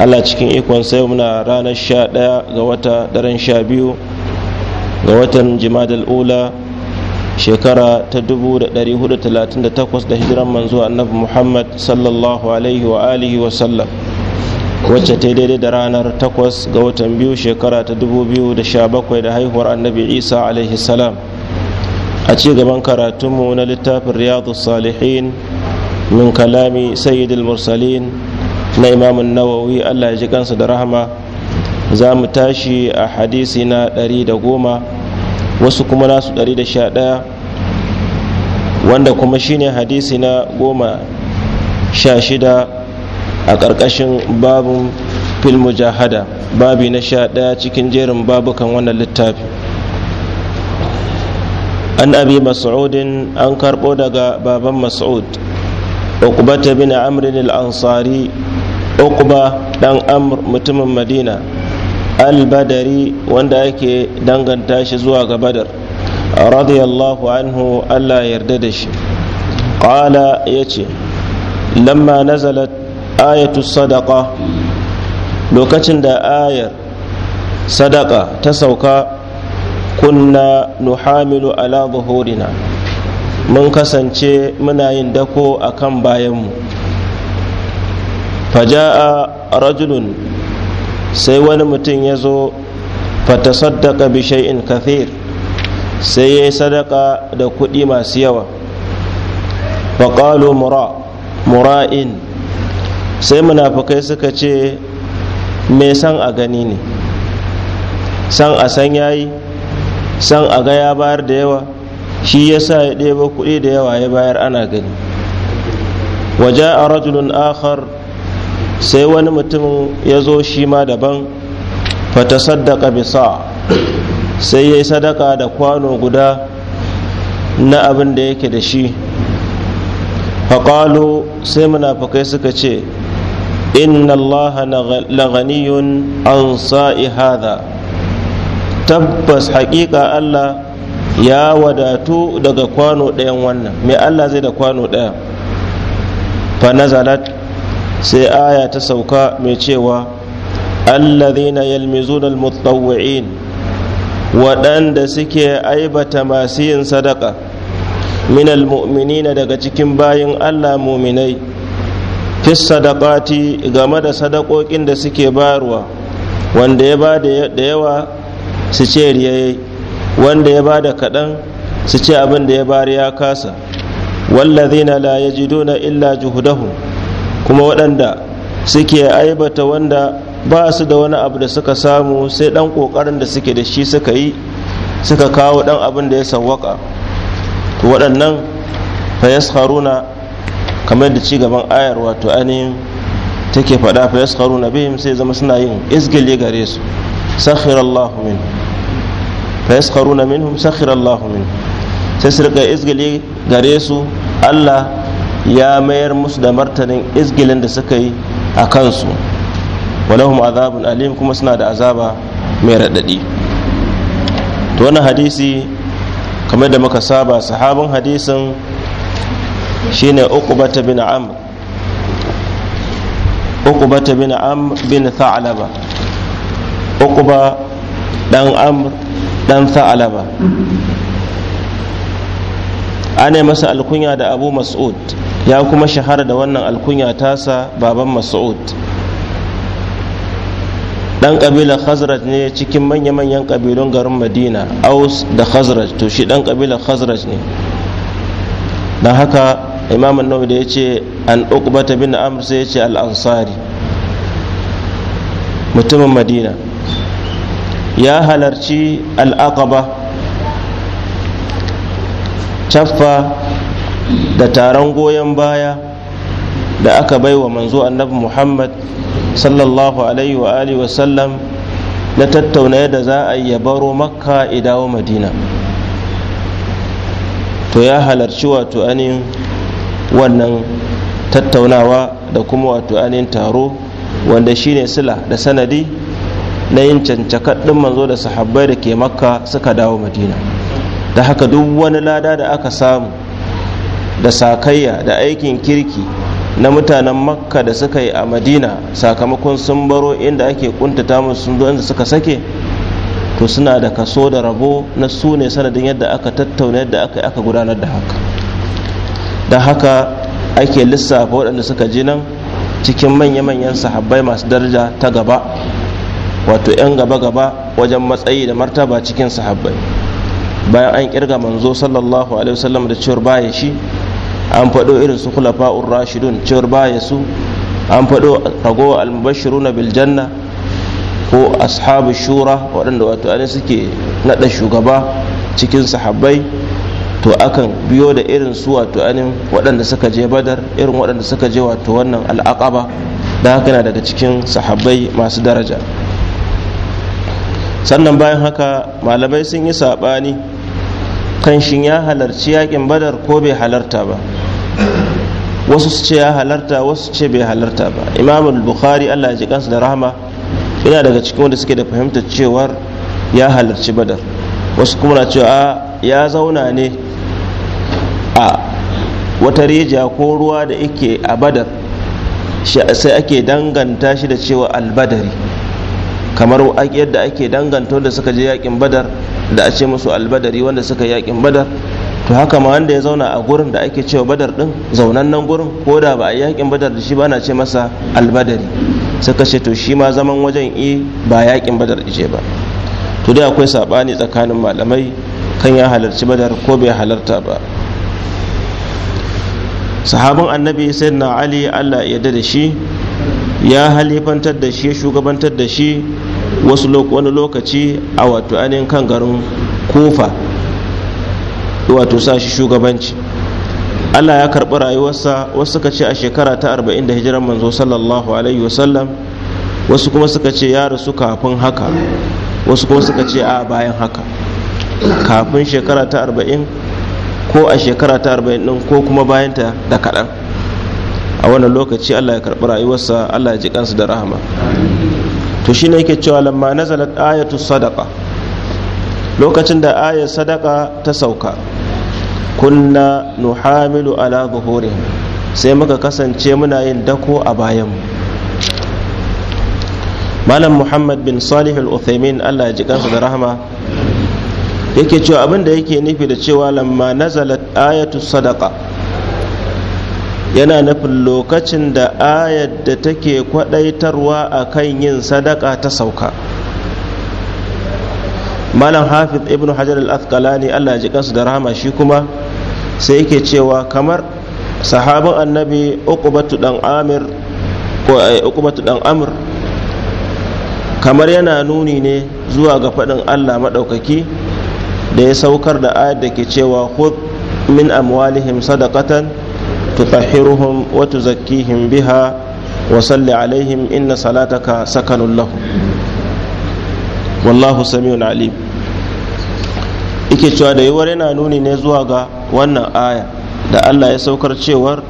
Allah cikin ikon sai muna ranar sha ɗaya ga wata daren sha biyu ga watan jimadal ula shekara ta 438 da hijiran manzo annabi muhammad sallallahu alaihi wa alihi wa sallam wacce ta daidai da ranar 8 ga watan biyu shekara ta 2017 da haihuwar annabi isa alaihi salam a ci gaban karatunmu na littafin riyadu salihin min kalami sayyidul mursalin na imamun nawawi allah ya ji kansa da rahama za mu tashi a hadisi na 110 wasu kuma nasu 111 wanda kuma shine hadisi na goma sha a ƙarƙashin babin filmu jahada babi na sha cikin jerin babukan wannan littafi an abi mas'udin an karɓo daga baban mas'ud uqbata bin amrin al-ansari uqba dan amr mutumin madina al-badari wanda ake danganta shi zuwa ga badar radiyallahu anhu allah yarda da shi qala yace lamma nazalat ayatu sadaqa lokacin da ayar sadaka ta sauka kunna nuhamilu ala zuhurina mun kasance muna yin dako akan bayanmu faja'a rajulun sai wani mutum ya zo fatasaddaka bi shay'in kafir sai ya yi sadaka da kuɗi masu yawa faƙalo mura mura'in sai munafukai suka ce me san a gani ne san a san yayi san a ga ya bayar da yawa shi ya sa ya ɗeba kuɗi da yawa ya bayar ana gani waje a rajulun akhar sai wani mutum ya zo shi ma daban fata saddaka bisa sai ya sadaka da kwano guda na abin da yake da shi faƙalo sai munafukai suka ce inna allaha ganiyun an sa'i hada tabbas haƙiƙa allah ya wadatu daga kwano ɗayan wannan mai allah zai da kwano ɗaya fa nazalat sai aya ta sauka mai cewa allazina yalmizuna almutawwi'in waɗanda suke aibata masu yin sadaka Minal muminina daga cikin bayin Allah muminai fi sadaqati game da sadakokin da suke bayarwa wanda ya ba da yawa su ce riyayi wanda ya ba da kaɗan su ce abin da ya bari ya kasa wallazina la yajiduna illa juhudahum kuma waɗanda suke aibata wanda ba su da wani abu da suka samu sai ɗan ƙoƙarin da suke da shi suka yi suka kawo ɗan abin da ya sawwaka to waɗannan fayas haruna kamar da cigaban ayar wato ainihin take faɗa fayas haruna bihim sai zama suna yin izgili gare su sakhirallahu min fa yasharuna minhum sakhirallahu min sai su rika izgili gare su Allah ya mayar musu da martanin izgilin da suka yi a kansu walahum azabun alim kuma suna da azaba mai raɗaɗi to wannan hadisi kamar da muka saba sahabin hadisin shine uqbata bin amr uqbata bin amr bin tha'laba uqba dan amr dan tha'laba ana masa alkunya da abu mas'ud ya kuma shahara da wannan alkunya tasa baban mas'ud dan kabilar khazraj ne cikin manya-manyan kabilun garin madina aus da khazraj to shi dan kabilar khazraj ne don haka imam nawawi da ya ce an uqbata bin amr sai ya ce al'ansari mutumin madina ya halarci al'akaba caffa da taron goyon baya da aka bai wa manzo annabi muhammad sallallahu alaihi wa alihi wasallam na tattauna yadda za a yi baro makka idawo madina to ya halarci wato anin wannan tattaunawa da kuma wato anin taro wanda shine sila da sanadi na yin cancakaɗin manzo da sahabbai da ke makka suka dawo madina da haka duk wani lada da aka samu da sakayya da aikin kirki na mutanen makka da suka yi a madina sakamakon sun baro inda ake kuntata musu sun zo inda suka sake to suna da kaso da rabo na su sanadin yadda aka tattauna yadda aka yi aka gudanar da haka da haka ake lissafa waɗanda suka ji nan cikin manya-manyan sahabbai masu daraja ta gaba wato 'yan gaba-gaba wajen matsayi da martaba cikin sahabbai bayan an kirga manzo sallallahu alaihi wasallam da cewar baya shi an faɗo irin su khulafa'ur rashidun cewar baya su an faɗo rago almubashiruna bil janna ko ashabu shura waɗanda wato ne suke naɗa shugaba cikin sahabbai to akan biyo da irin su wato anin waɗanda suka je badar irin waɗanda suka je wato wannan al'aqaba da haka na daga cikin sahabbai masu daraja sannan bayan haka malamai sun yi saɓani Kanshin ya halarci yakin badar ko bai halarta ba wasu su ce ya halarta wasu ce bai halarta ba imamul bukhari allah ji kansu da rahama yana daga cikin wanda suke da fahimtar cewar ya halarci badar wasu kuma na cewa ya zauna ne a wata rijiya ko ruwa da yake a badar sai ake danganta shi da cewa albadari kamar yadda ake danganta da suka je yakin badar da a ce musu albadari wanda suka yakin badar to haka ma wanda ya zauna a gurin da ake cewa badar din nan gurin ko da ba a yakin badar da shi ba na ce masa albadari suka ce to shi ma zaman wajen i ba yakin badar ije ba to dai akwai sabani tsakanin malamai kan ya halarci badar ko bai halarta ba sahabin annabi na ali Allah ya da shi ya halifantar da shi ya shugabantar da shi wasu wani lokaci a wato ainihin kan garin kofa wato sa shi shugabanci Allah ya karɓi rayuwarsa wasu suka ce a shekara ta arba'in da hijiran manzo sallallahu alaihi wasallam wasu kuma suka ce ya rasu kafin haka wasu kuma suka ce a bayan haka kafin shekara ta arba'in ko a shekara ta arba'in ɗin ko kuma bayanta da kaɗan a wannan lokaci allah ya karɓi rayuwarsa allah ya ji kansu da rahama to shine yake cewa lamma nazalat ayatu sadaqa lokacin da ayar sadaka ta sauka kunna nuhamilu ala zuhurihim sai muka kasance muna yin dako a bayanmu malam muhammad bin salih al-uthaymin allah ya ji kansa da rahama yake cewa abinda da yake nufi da cewa lamma nazalat ayatu sadaqa yana nufin lokacin da ayar da take kwadaitarwa a kan yin sadaka ta sauka malam hafiz ibn hajar al-athqalani allah ji kansu da rahama shi kuma sai yake cewa kamar sahabin annabi uqbatu dan amir eh, amr kamar yana nuni ne zuwa ga faɗin allah maɗaukaki da ya saukar da ayar da ke cewa khudh min amwalihim sadaqatan تطهرهم وتزكيهم بها وصل عليهم إن صلاتك سكن لهم والله سميع عليم ike cewa da yiwuwar yana nuni ne zuwa ga wannan aya da Allah ya saukar cewar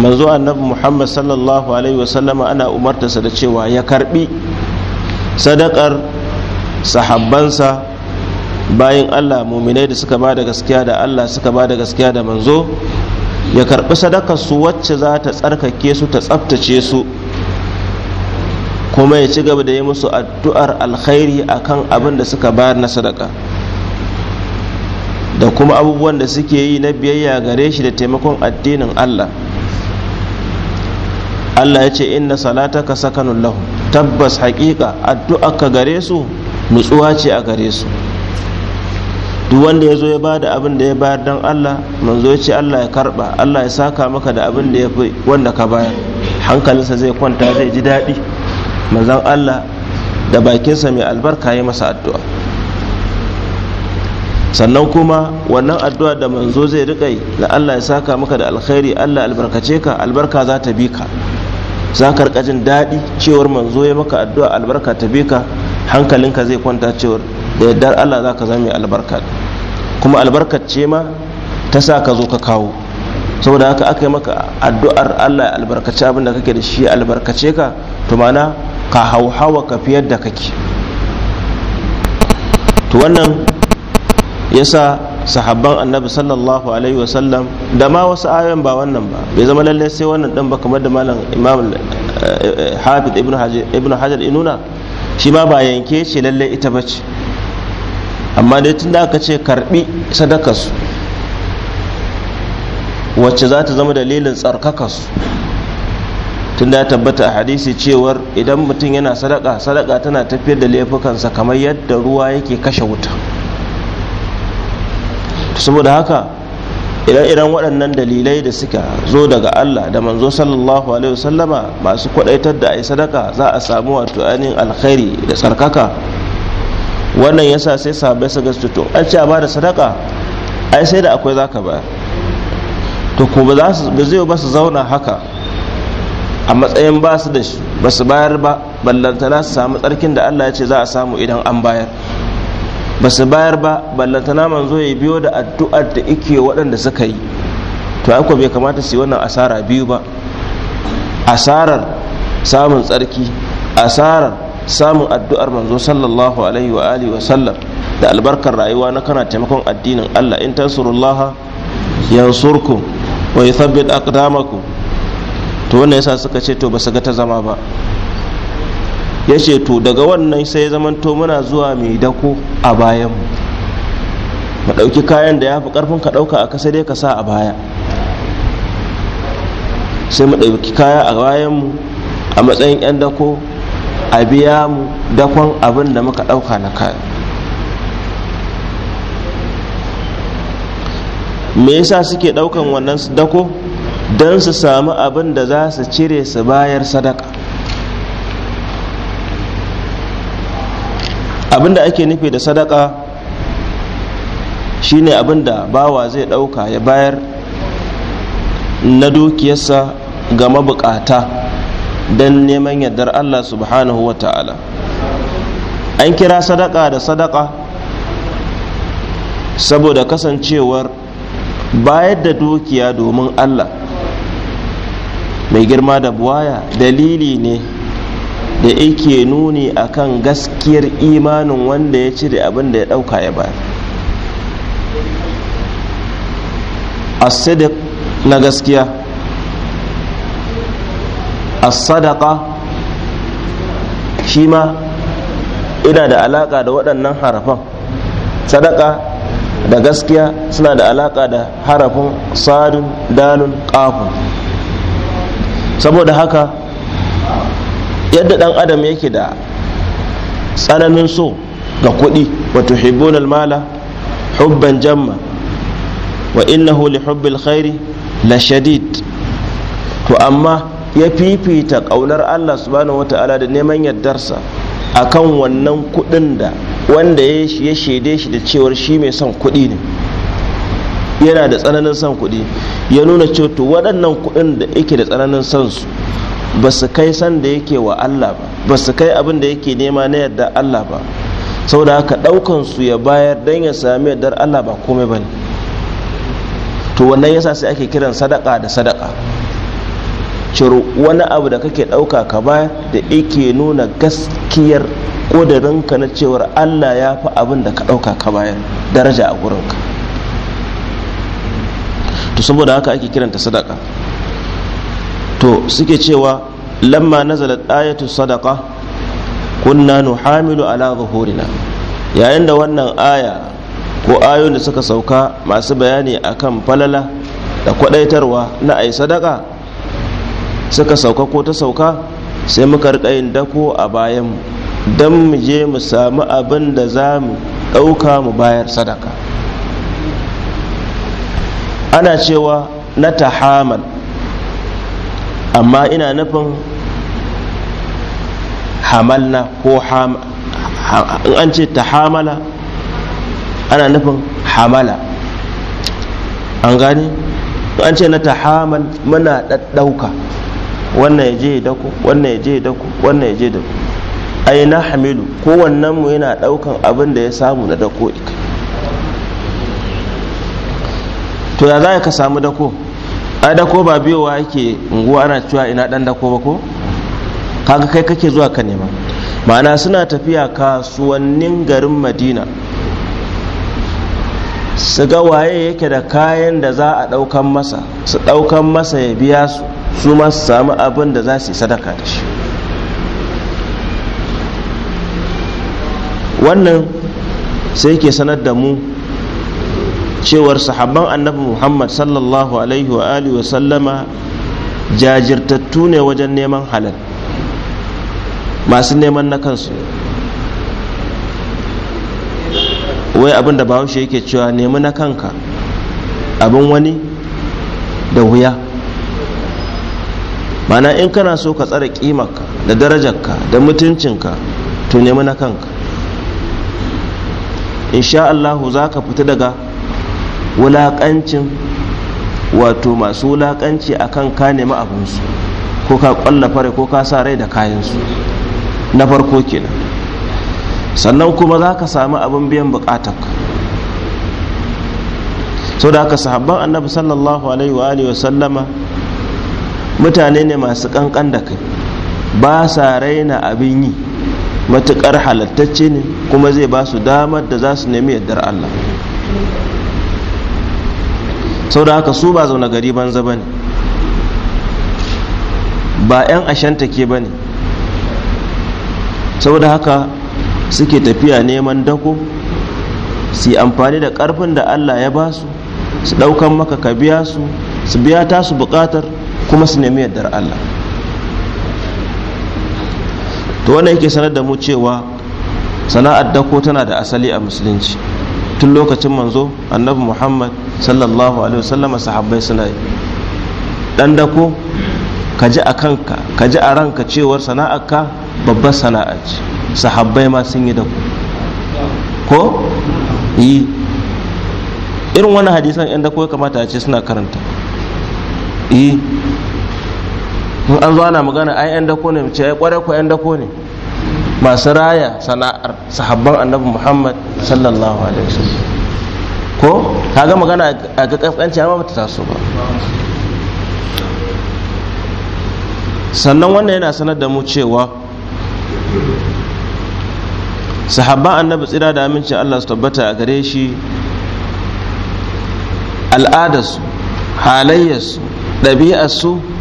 manzo annabi Muhammad sallallahu alaihi wasallama ana umartarsa da cewa ya karbi sadakar sahabbansa bayan Allah muminai da suka ba da gaskiya da Allah suka ba da gaskiya da manzo ya karɓi su wacce za ta tsarkake su ta tsabtace su kuma ya ci gaba da yi musu addu'ar alkhairi akan abin da suka bayar na sadaka da kuma abubuwan da suke yi na biyayya gare shi da taimakon addinin Allah Allah ya ce inna salataka sakanun lahu tabbas haƙiƙa addu'arka gare su nutsuwa ce a gare su duk wanda ya zo ya bada abin da ya bayar don Allah manzo ya ce Allah ya karba Allah ya saka maka da abin da ya fi wanda ka bayar hankalinsa zai kwanta zai ji daɗi manzon Allah da bakinsa mai albarka ya masa addu'a sannan kuma wannan addu'a da manzo zai riƙa yi da Allah ya saka maka da alkhairi Allah albarkace ka albarka za ta bi ka za ka jin daɗi cewar manzo ya maka addu'a albarka ta bi ka hankalinka zai kwanta cewar da yardar Allah za ka zama albarka kuma albarkar ce ma ta sa ka zo ka kawo saboda haka aka yi maka addu'ar Allah ya albarkaci abin da kake da shi albarkace ka to mana ka hauhawa ka fi yadda kake to wannan ya sa sahabban annabi sallallahu alaihi wasallam da ma wasu ayoyin ba wannan ba bai zama lallai sai wannan dan ba kamar da malam imam eh, eh, hafiz ibnu hajar inuna shi ma ba yanke ce lallai ita bace amma dai tun da aka ce karbi sadakarsu wacce za ta zama dalilin tsarkakarsu tun da ya tabbata a hadisi cewar idan mutum yana sadaka sadaka tana tafiyar da laifukansa kamar yadda ruwa yake kashe wuta saboda haka ire-iren waɗannan dalilai da suka zo daga Allah da manzo sallallahu alaihi wasallama masu kwaɗaitar da a yi sadaka za a samu wato ainihin alkhairi da tsarkaka wannan yasa sai sahabbai su gasu to an ce a bada sadaka ai sai da akwai zaka bayar to ko ba zai ba su zauna haka a matsayin ba su da shi ba su bayar ba ballantana su samu tsarkin da Allah ya ce za a samu idan an bayar ba su bayar ba ballantana manzo ya biyo da addu'ar da ike waɗanda suka yi to ai ko bai kamata su yi wannan asara biyu ba asarar samun tsarki asarar samun addu'ar manzo sallallahu alaihi wa wa sallam da albarkar rayuwa na kana taimakon addinin Allah in tansurullah yansurkum wa yuthabbit aqdamakum to wannan yasa suka ce to ba su ga ta zama ba ya ce to daga wannan sai zamanto muna zuwa mai dako a bayan mu ɗauki kayan da ya fi ƙarfin ka ɗauka a kasa dai ka sa a baya sai mu ɗauki kaya a bayan mu a matsayin 'yan dako a biya mu dakon abin da muka ɗauka na kai me yasa suke ɗaukan wannan dako don su samu abin da za su cire su bayar sadaka abin da ake nufi da sadaka shine abin da bawa zai ɗauka ya bayar na dukiyarsa ga mabukata don neman yardar Allah subhanahu wa ta'ala an kira sadaka da sadaka saboda kasancewar bayar da dukiya domin Allah mai girma da buwaya dalili ne da yake nuni akan gaskiyar imanin wanda ya cire abin da ya ɗauka ya bayar asidik na gaskiya as-sadaqa shi ma ina da alaka da waɗannan harafan sadaka da gaskiya suna da alaka da harafin sadun dalun kafin saboda haka yadda ɗan adam yake da tsananin so ga kuɗi wato hibbun almala hubban jamma wa innahu li hubbil khairi la shadid to amma ya fifita ƙaunar allah subhanahu wata'ala da neman yardarsa akan wannan kuɗin da wanda ya shaide shi da cewar shi mai son kuɗi ne yana da tsananin son kuɗi ya nuna cewa waɗannan kuɗin da yake da tsananin son su ba su kai san da yake wa allah ba ba su kai abin da yake nema na yadda allah ba sau da haka ɗaukan su ya bayar don ya sami yardar allah ba komai ba ne to wannan yasa sai ake kiran sadaka da sadaka ciro wani abu da kake ɗauka ka ba da yake nuna gaskiyar ƙudurinka na cewar allah ya fi abin da ka ɗauka ka bayar daraja a gurinka to saboda haka ake kiranta sadaka to suke cewa lamma nazala ayatu sadaka kunna nuhamilu ala zuhurina yayin da wannan aya ko ayoyin da suka sauka masu bayani akan falala da kwadaitarwa na ai sadaka suka sauka ko ta sauka sai muka rika yin dako a bayan don mu je mu samu abin da za mu ɗauka mu bayar sadaka ana cewa na tahamal amma ina nufin hamalna ko in an ce tahamala ana nufin hamala an gani an ce na tahamal muna ɗaɗɗauka wannan ya je ya dako wannan ya je ya dako wannan ya je da ai na hamilu ko wannan mu yana daukan abin da ya samu na dako ita to ya za ka samu dako A dako ba biyowa yake unguwa ana cewa ina dan dako ba ko kaga kai kake zuwa ka nema ma'ana suna tafiya kasuwannin garin madina su ga waye yake da kayan da za a daukan masa su daukan masa ya biya su su ma su samu abin da za su yi sadaka da shi wannan sai ke sanar da mu cewar sahabban annabi muhammad sallallahu alaihi wa alihi wa sallama jajirtattu ne wajen neman halal masu neman na kansu wai abin da bahaushe yake cewa nemi na kanka abin wani da wuya mana in kana so ka tsara kimarka da darajarka da mutuncinka to nemi na kanka insha Allahu za ka fita daga wulaƙancin wato masu wulaƙanci a kan ka nemi abinsu ko ka ƙwalla fara ko ka sa rai da kayansu na farko kenan sannan kuma za ka sami abin biyan ka sau da aka sahabban annabi sallallahu alaihi wa sallama mutane ne masu kankan da kai ba sa raina abin yi matukar halattacce ne kuma zai ba su damar da za su nemi yardar Allah sau da haka su ba zaune gari banza ba ne ba 'yan ashanta ke ba ne sau da haka suke tafiya neman dako su yi amfani da karfin da Allah ya ba su su ɗaukan maka ka biya su su biya su bukatar kuma su nemi yardar Allah to wannan yake sanar da mu cewa sana'ar dako tana da asali a musulunci tun lokacin manzo annabi muhammad sallallahu alaihi wasallama sahabbai suna yi dan dako ka ji a kanka ka ji a ranka cewar sana'arka babbar sana'a ce sahabbai ma sun yi dako ko yi irin wani hadisan yan dako ya kamata a ce suna karanta yi in an zo ana magana ai yan dako ne ce ya kware ko yan dako ne masu raya sana'ar sahabban annabi muhammad sallallahu alaihi wasallam ko kaga magana a ga kaskanci amma bata taso ba sannan wannan yana sanar da mu cewa sahabban annabi tsira da amincin allah su tabbata a gare shi al'adarsu halayyarsu ɗabi'arsu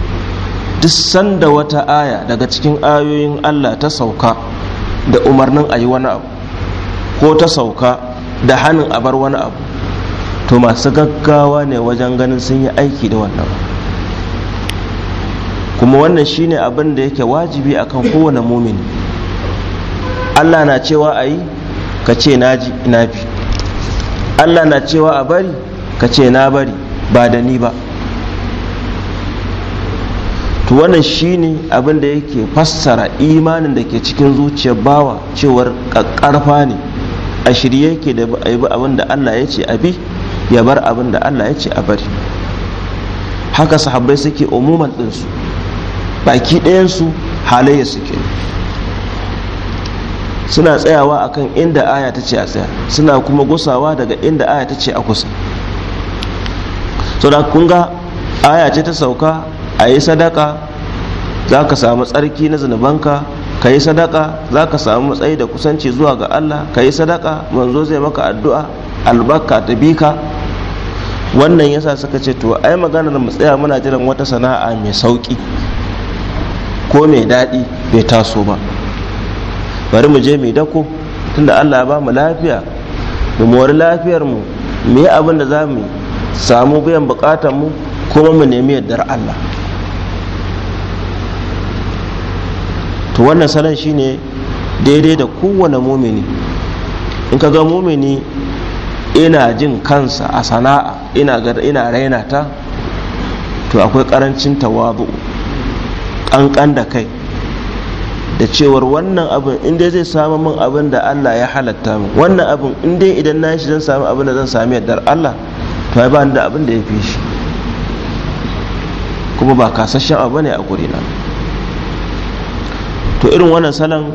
duk sanda wata aya daga cikin ayoyin Allah ta sauka da umarnin a yi wani abu ko ta sauka da hannun a bar wani abu to masu gaggawa ne wajen ganin sun yi aiki da wannan kuma wannan shine abin da yake wajibi akan kowane mumini Allah na cewa a yi ka ce na ji na bi Allah na cewa a bari ka ce na bari ba da ni ba to wannan shine abin da yake fassara imanin da ke cikin zuciyar bawa cewar ƙarfa ne a shirye yake da bi abin da Allah ya ce abi ya bar abin da Allah ya ce a bari haka sahabbai suke umuman ɗinsu baki ɗayansu halayya suke suna tsayawa akan inda aya ta ce a tsaya suna kuma gusawa daga inda aya ta ce a kusa so da kun aya ce ta sauka a yi sadaka za ka samu tsarki na zunubanka ka yi sadaka za ka samu matsayi da kusanci zuwa ga allah ka yi sadaka manzo zai maka addu'a albarka ta bi ka wannan yasa suka ce to ai maganar mu tsaya muna jiran wata sana'a mai sauki ko mai daɗi bai taso ba bari mu je mai dako tunda allah ya ba mu lafiya mu mori lafiyar mu mu yi abin da za mu samu biyan bukatar mu kuma mu nemi yardar allah to wannan salon shine daidai da kowane mumini in ka ga mumini ina jin kansa a sana'a ina raina ta to akwai karancin tawabu kankan da kai da cewar wannan abin inda zai samu min abin da Allah ya halatta min wannan abin inda idan na shi zan samu abin da zan sami yardar Allah to ai ba ni da abin da ya fi shi kuma ba kasashen abu ne a gurina to irin wannan salon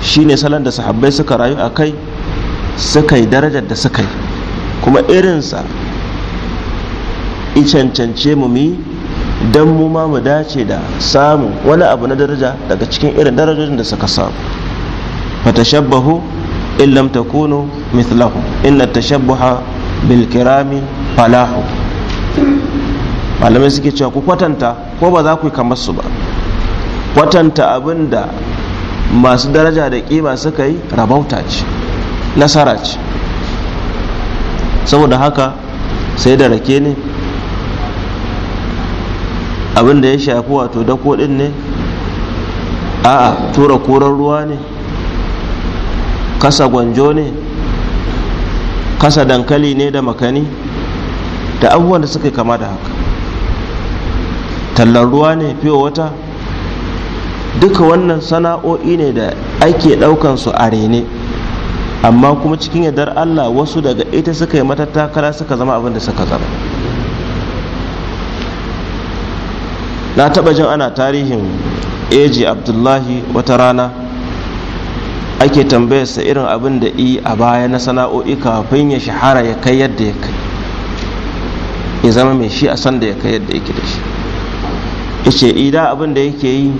shine salon da sahabbai suka rayu a kai suka yi darajar da suka yi kuma irinsa icancance mu mi don mu ma mu dace da samun wani abu na daraja daga cikin irin darajojin da suka samu fatashabbahu in lam takunu mithlahu inna tashabbaha bil kirami falahu malamai suke cewa ku kwatanta ko ba za ku yi kamar su ba kwatanta abin da masu daraja da kima suka yi rabauta ce nasara ce saboda haka sai da rake ne abin da ya shafi wato da kodin ne a'a tura koren ruwa ne kasa gwanjo ne kasa dankali ne da makani da abubuwan da suka kama da haka tallar ruwa ne fiye wata duka wannan sana'o'i ne da ake ɗaukan su a rene amma kuma cikin yardar Allah wasu daga ita suka yi mata suka zama abin da suka zama na taba jin ana tarihin eji abdullahi wata rana ake tambayarsa irin abin da yi a baya na sana'o'i kafin ya shahara ya kai yadda ya kai ya zama mai shi a san ya kai yadda yake da shi ice-ice ida abin da yake yi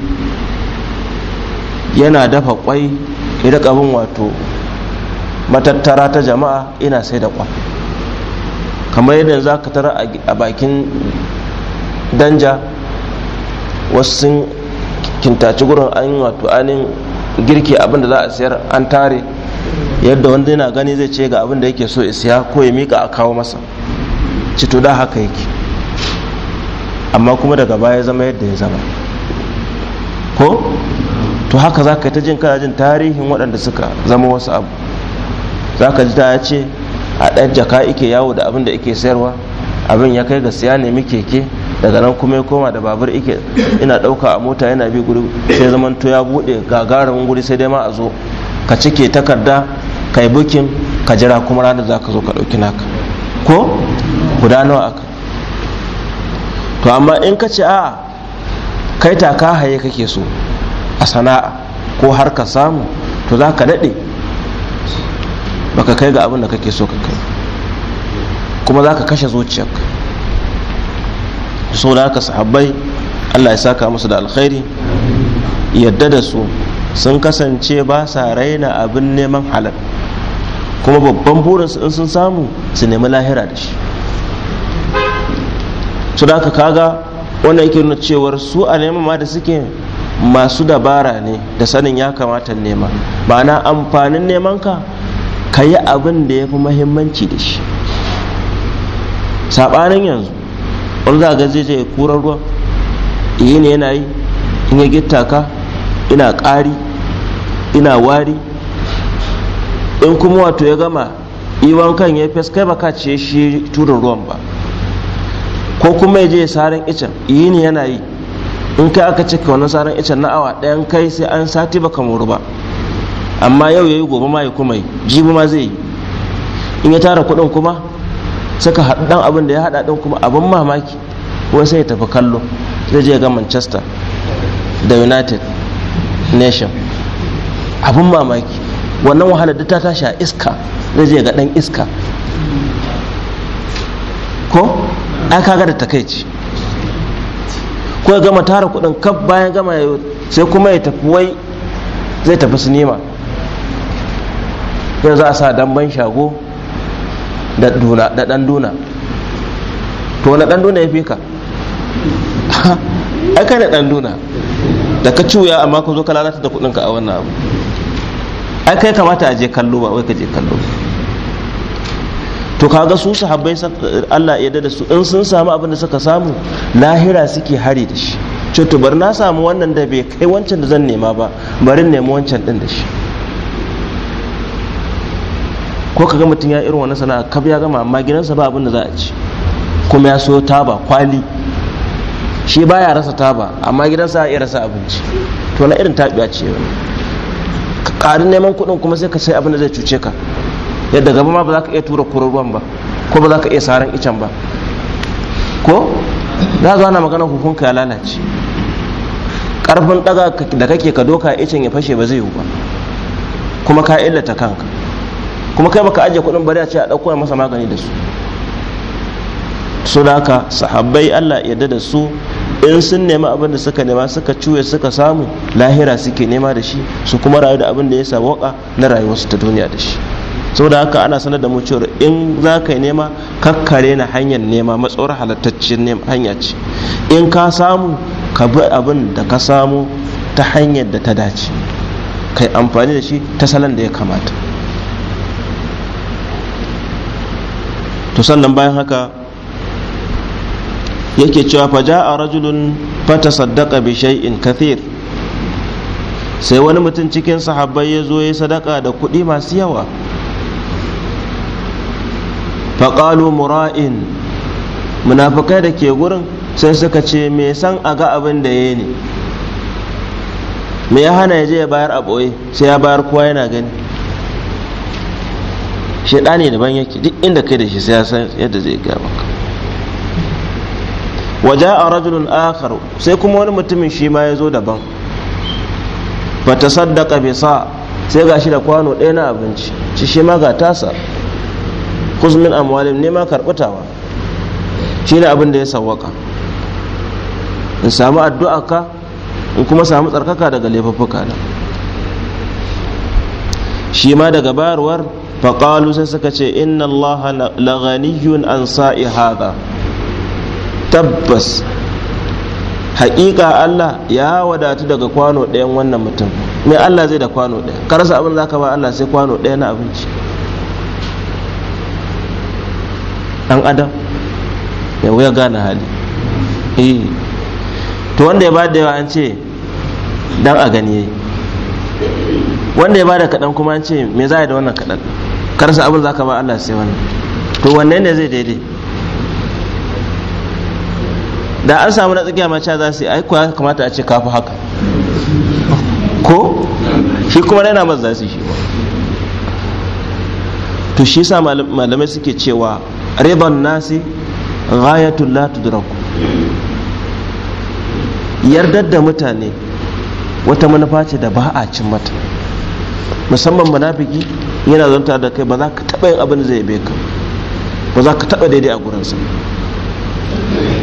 yana dafa kwai ya rika bin wato matattara ta jama'a ina sai da kwai kamar yadda za ka tara a bakin danja wasu sun kintaci gurin an wato anin girki abinda za a siyar an tare yadda wanda yana gani zai ce ga abinda da yake so ya siya ko ya mika a kawo masa cito da haka yake amma kuma daga baya zama yadda ya zama ko to haka za ka ta jin kana jin tarihin waɗanda suka zama wasu abu za ka ji ta ya ce a ɗan jaka ike yawo da abin da ike sayarwa abin ya kai ga siya nemi keke daga nan kuma ya koma da babur ike ina ɗauka a mota yana bi guri sai zaman to ya buɗe gagarumin guri sai dai ma a zo ka cike takarda ka yi bukin ka jira kuma ranar za ka zo ka ɗauki naka ko guda nawa aka to amma in ka ce a kai taka haye kake so a sana'a ko har ka samu to za ka daɗe baka kai ga abin da kake so ka kai kuma za ka kashe zuciyarka so da haka sahabbai allah ya saka musu da alkhairi yadda da su sun kasance ba sa raina abin neman halal kuma babban burinsu in sun samu su nemi lahira da shi su da haka kaga wannan yake nuna cewar su a neman ma da suke masu dabara ne da sanin ya kamata nema ba na amfanin neman ka ka yi abin da ya fi mahimmanci da shi saɓanin yanzu wani za ga zai kurar ruwa yi ne yana yi in ya gitta ka ina ƙari ina wari in kuma wato ya gama iwan kan ya fes kai baka ce shi turin ruwan ba ko kuma ya je sarin icen yi ne yana yi in kai aka cika wani saran icen na awa ɗayan kai sai an sati baka moru ba amma yau yayi gobe ma ya kuma yi jibi ma zai yi in ya tara kuɗin kuma suka haɗu ɗan abin da ya haɗa ɗin kuma abin mamaki wai sai ya tafi kallo zai je ga manchester da united nation abin mamaki wannan wahala duk ta tashi a iska zai je ga ɗan iska ko ai kaga da takaici ko gama tara kuɗin kaf bayan gama sai kuma ya tafi wai zai tafi sinima ya za a sa damban shago da ɗan duna to na ɗan duna ya fi ka ai kai na ɗan duna da ka wuya amma ka zo ka lalata da kuɗinka a wannan abu ai kai kamata a je kallo ba wai ka je kallo ba to kaga su sahabbai Allah ya da su in sun samu abin da suka samu lahira suke hari da shi ce to bar na samu wannan da bai kai wancan da zan nema ba bari nemi wancan din da shi ko kaga mutum ya irin wani sana'a kaf ya gama amma gidansa ba abin da za a ci kuma ya so taba kwali shi baya rasa taba amma gidansa ya rasa abinci to na irin tabiya ce ne karin neman kuɗin kuma sai ka sai abin da zai cuce ka yadda gaba ma ba za ka iya tura kururuwan ba ko ba za ka iya saran icen ba ko za zo ana magana hukunka ya lalace karfin ɗaga da kake ka doka icen ya fashe ba zai yi ba kuma ka illata kanka kuma kai baka ajiye kuɗin bari a ce a ɗauko masa magani da su su haka sahabbai allah yadda da su in sun nema abin da suka nema suka cuye suka samu lahira suke nema da shi su kuma rayu da abin da ya sa waka na rayuwarsu ta duniya da shi da haka ana sanar da mu in za ka yi nema kakkare na hanyar nema matsawar halattacciyar hanya ce in ka samu ka bi abin da ka samu ta hanyar da ta dace ka yi amfani da shi ta salon da ya kamata to sannan bayan haka yake cewa faja a rajulun fata saddaka bi in kathir sai wani mutum cikin sahabbai ya zo ya sadaka da kuɗi masu yawa faƙalu mura'in munafukai da ke gurin sai suka ce me san a ga abin da ya ne me ya hana ya je ya bayar a ɓoye sai ya bayar kowa yana gani ɗa ne daban yake duk inda kai da shi sai ya san yadda zai gaya maka waje a rajulun akhar sai kuma wani mutumin shi ma ya zo daban ba ta saddaka bisa sai ga shi da kwano ɗaya na abinci ci shi ma ga tasa kuzmin amwalim ne ma karɓutawa shi ne abin da ya sawwaka in samu addu'a ka in kuma samu tsarkaka daga laifuffuka na shi ma daga bayarwar faƙalu sai suka ce inna Allah yun an sa'i hada tabbas haƙiƙa Allah ya wadatu daga kwano ɗayan wannan mutum me Allah zai da kwano ɗaya ka abin za ka ba Allah sai kwano ɗaya na abinci dan adam ya wuya gane hali eh to wanda ya bada yawa an ce dan a gani yayi wanda ya bada kadan kuma an ce me za da wannan kadan kar sa abin zaka ba Allah sai wannan to wanne ne zai daidai da an samu na tsakiya mace za su yi ai ya kamata a ce kafa haka ko shi kuma yana masu za su yi shi to shi sa malamai suke cewa riban nasi ghayatul la tudraku yardar da mutane wata manufa ce da ba a cin mata musamman munafiki yana zanta da kai ba za ka taɓa yin abin zai yabe ka ba za ka taɓa daidai a guransa.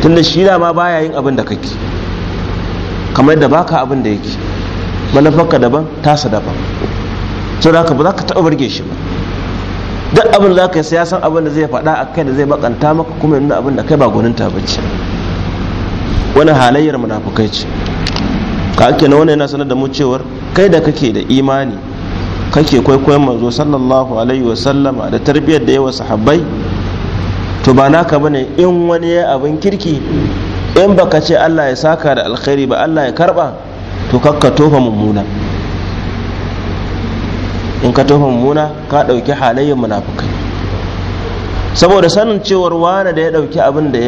tunda shi da ma baya yin abin da kake kamar da baka abin da yake manufarka daban tasa daban sau da haka ba za ka taɓa burge shi ba duk abin za ka yi ya san abin da zai faɗa a kai da zai bakanta maka kuma nuna abin da kai ba gwaninta ba ce wani halayyar munafukai ce ka ake na wani yana sanar da mu kai da kake da imani kake kwaikwayon manzo sallallahu alaihi wa sallama da tarbiyyar da yawa sahabbai to ba naka bane in wani ya abin kirki in baka ce Allah ya saka da alkhairi ba Allah ya karba to kakka tofa mummuna in ka tofa mummuna ka ɗauki halayyar munafukai saboda sanin cewar wane da ya ɗauki abin da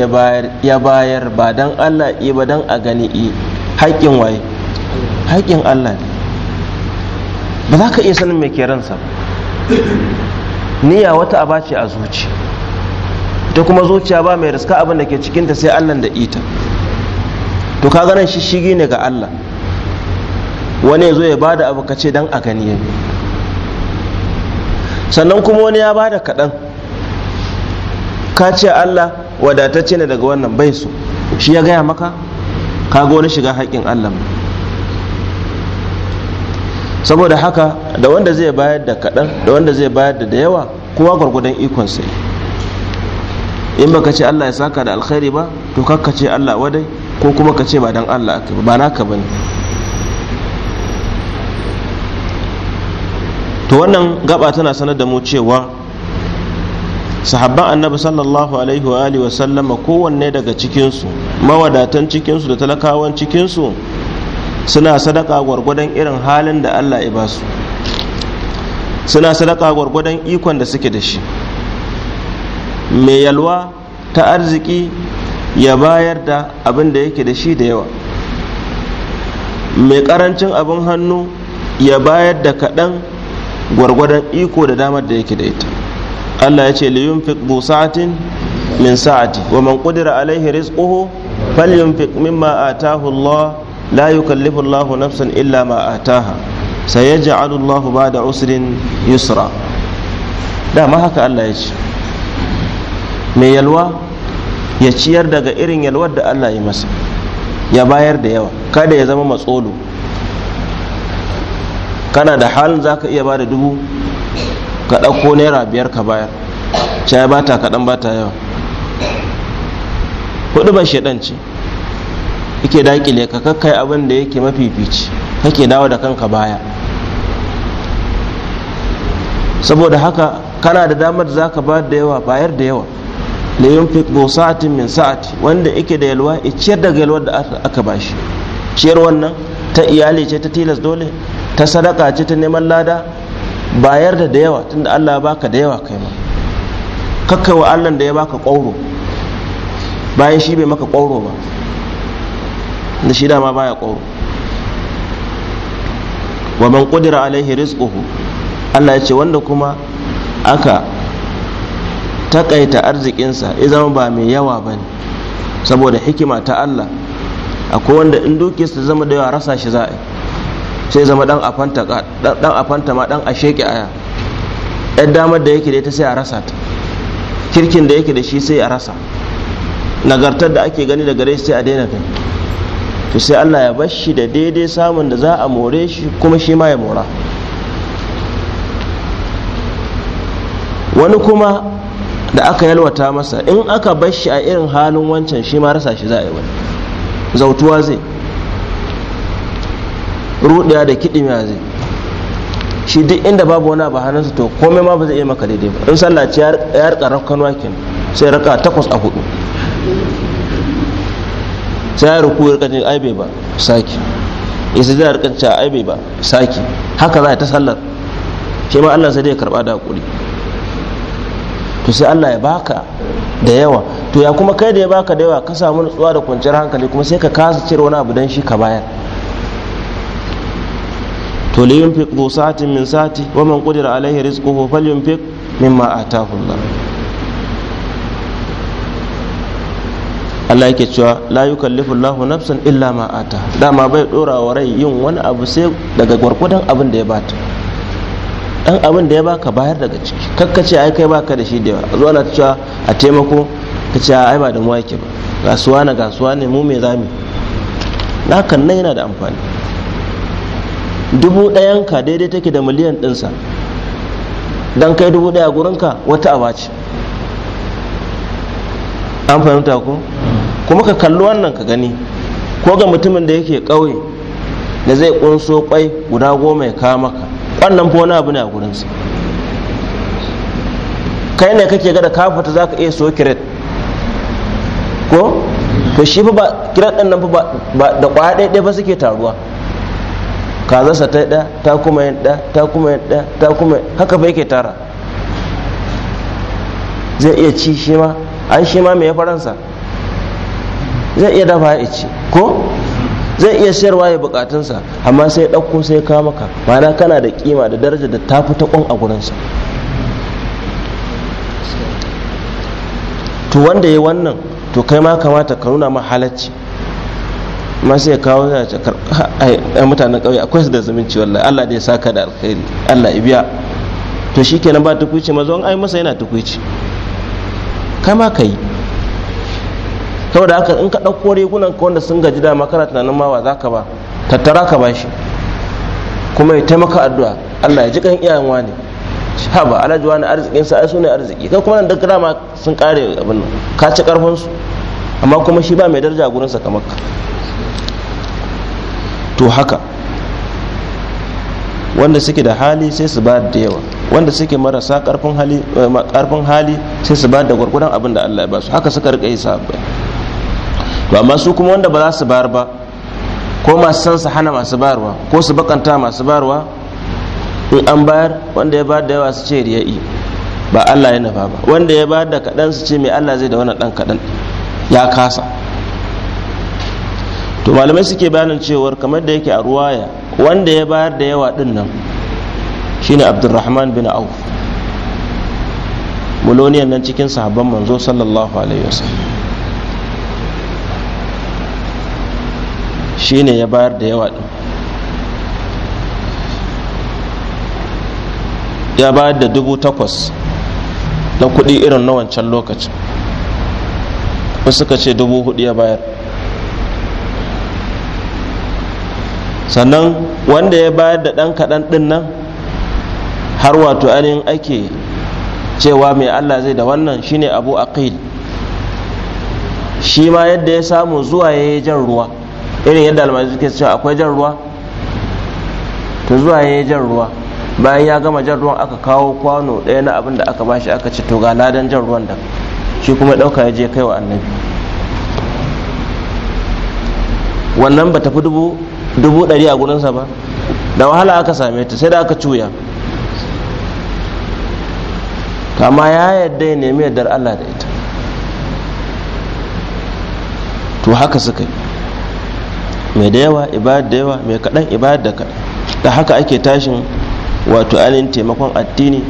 ya bayar ba dan Allah i ba dan a gani i haƙƙin waye haƙƙin Allah ne ba za ka iya sanin mai ke ba niyya wata aba ce a zuci ta kuma zuciya ba mai riska abin da ke cikinta sai Allah da ita to ka ganin shishigi ne ga Allah wani ya zo ya bada abu ka ce dan a gani ya sannan kuma wani ya bada kaɗan ka ce Allah wadatacce ne daga wannan bai su shi ya gaya maka ka wani shiga haƙƙin Allah saboda haka da wanda zai bayar da kaɗan da wanda zai bayar da da yawa kowa gwargwadon ikon sai in baka ce Allah ya saka da alkhairi ba to kakka ce Allah wadai ko kuma ka ce ba don Allah ba naka bane to wannan gaba tana sanar da mu cewa sahabban annabi sallallahu alaihi wa alihi wasallama kowanne daga cikinsu mawadatan cikinsu da talakawan cikinsu suna sadaka gwargwadon irin halin da allah ya basu suna sadaka gwargwadon ikon da suke da shi mai yalwa ta arziki ya bayar da abin da yake da shi da yawa mai karancin abin hannu ya bayar da kaɗan gwargwadon iko da damar da yake da ita Allah ya ce liyun fi bu min sa'ati wa man qudira alaihi rizquhu falyunfiq mimma atahu Allah la yukallifu Allah nafsan illa ma ataha sayaj'alu Allah ba'da usrin yusra dama haka Allah ya ce mai yalwa ya ciyar daga irin yalwar da Allah ya masa ya bayar da yawa kada ya zama matsolo kana da halin za ka iya ba da dubu ka ɗauko naira biyar ka bayar ca ya bata kaɗan ba yawa kuɗi ba shaidan ce yake daƙile ka kakkai abin da yake mafifici kake dawo da kanka baya saboda haka kana da damar za ka ba da yawa bayar da yawa la fi sa'atin min sa'ati wanda yake da yalwa ya ciyar daga yalwar da aka ba shi ciyar wannan ta iyali ce ta tilas dole ta sadaka ce ta neman lada bayar da da yawa tunda Allah baka da yawa kai ma kakkawa Allah da ya baka kwauro bayan shi bai maka kwauro ba da shi dama baya kwauro wa man qudira alaihi rizquhu Allah ya ce wanda kuma aka takaita arzikinsa ya zama ba mai yawa ba ne saboda hikima ta Allah akwai wanda in dukiyarsa zama da yawa rasa shi za'a sai zama dan afanta ma dan asheke aya yan damar da yake da ita sai a rasa ta kirkin da yake da shi sai a rasa nagartar da ake gani da gare sai a daina kai to sai Allah ya bar shi da daidai samun da za a more shi kuma shi ma ya mora wani kuma da aka yalwata masa in aka bar shi a irin halin wancan shi ma rasa shi za a yi wani zautuwa zai rudiya da kiɗi ya zai shi duk inda babu wani abu hannunsa to komai ma ba zai iya maka daidai ba in sallah ce ya rika rakkanuwa kin sai raka takwas a hudu sai ya ruku ya rika jin aibe ba saki isa da rika cin aibe ba saki haka za a ta sallar shi ma Allah sai dai karba da hakuri to sai Allah ya baka da yawa to ya kuma kai da ya baka da yawa ka samu nutsuwa da kwanciyar hankali kuma sai ka kasa cire wani abu don shi ka bayar to li yunfiq bu sa'atin min sa'ati wa man qadira alaihi rizquhu falyunfiq mimma atahu Allah Allah yake cewa la yukallifu Allahu nafsan illa ma ata dama bai dora wa rai yin wani abu sai daga gwargwadon abin da ya bata dan abin da ya baka bayar daga ciki kakka ce ai kai baka da shi da yawa zuwa na cewa a taimako ka ce ai ba da mu yake ba gasuwa na gasuwa ne mu me zamu na kan nan yana da amfani dubu ka daidai take da miliyan ɗinsa don kai dubu ɗaya gurinka wata awa ce an fahimta ko kuma ka kalli wannan ka gani ko ga mutumin da yake ƙauye da zai ƙunso kwai guda goma ya kawo maka wannan fa wani abu ne a gurinsa kai ne kake gada kafata za ka iya so kiret ko to shi fa ba kiret ɗin nan fa ba da ƙwaya ɗaya ba suke taruwa kazarsa ta yi ɗa ta kuma yin ɗa ta kuma yin ɗa ta kuma haka bai ke tara zai iya ci shi ma an shi ma mai faransa zai iya dafa ya ci ko zai iya sayarwa ya bukatunsa amma sai ɗauko sai ka maka ma'ana kana da kima da daraja da ta ta kwan a gurinsa to wanda ya yi wannan to kai ma kamata ka nuna ma halacci Masu sai ya kawo ya ce a mutanen ƙauye akwai su da zumunci wallah Allah da ya saka da alkhairi Allah ya biya to shikenan ba kuce mazo an ai masa yana ta kai ma kai saboda haka in ka ɗauko rigunan ka wanda sun gaji dama kana tunanin ma wa za ka ba tattara ka ba shi kuma ya taimaka addu'a Allah ya ji kan iyayen wani ha ba alhaji wani arzikin sa ai sune arziki kai kuma nan duk dama sun kare abin nan ka ci karfin su amma kuma shi ba mai daraja gurin sa kamar ka to haka wanda suke da hali sai su ba da yawa wanda suke marasa karfin hali eh, sai su ba da gwargwadon abin da Allah ya ba su haka suka rika yi sabbai to amma su kuma wanda ba za su bayar ba ko masu san su hana masu bayarwa ko su bakanta masu bayarwa in an bayar wanda ya ba da yawa su ce riya'i ba Allah ya nafa ba wanda ya ba da kaɗan su ce mai Allah zai da wani ɗan kaɗan ya kasa to malamai suke bayanin cewar kamar da yake a ruwaya wanda ya bayar da yawa din nan shine abdurrahman bin auf muloniyan nan cikin sahabban manzo sallallahu alaihi wasallam shine ya bayar da yawa din ya bayar da dubu takwas na kuɗi irin na wancan lokacin wasu suka ce dubu hudu ya bayar sannan wanda ya bayar da ɗan kaɗan ɗin nan har wato ainihin ake cewa mai allah zai da wannan shine abu aqil shi ma yadda ya samu zuwa ya yi jan ruwa irin yadda almajirai suke cewa akwai jan ruwa ta zuwa ya yi jan ruwa bayan ya gama jan ruwan aka kawo kwano ɗaya na abin da aka bashi aka ci to ga ladan jan ruwan da shi kuma ɗauka ya je kai wa annabi wannan ba tafi dubu dubu ɗari a gurinsa ba da wahala aka same ta sai da aka cuya amma ya yadda ya nemi yardar Allah da ita to haka suka yi mai da yawa ibada da yawa mai kaɗan ibada da kaɗan da haka ake tashin wato ainihin taimakon addini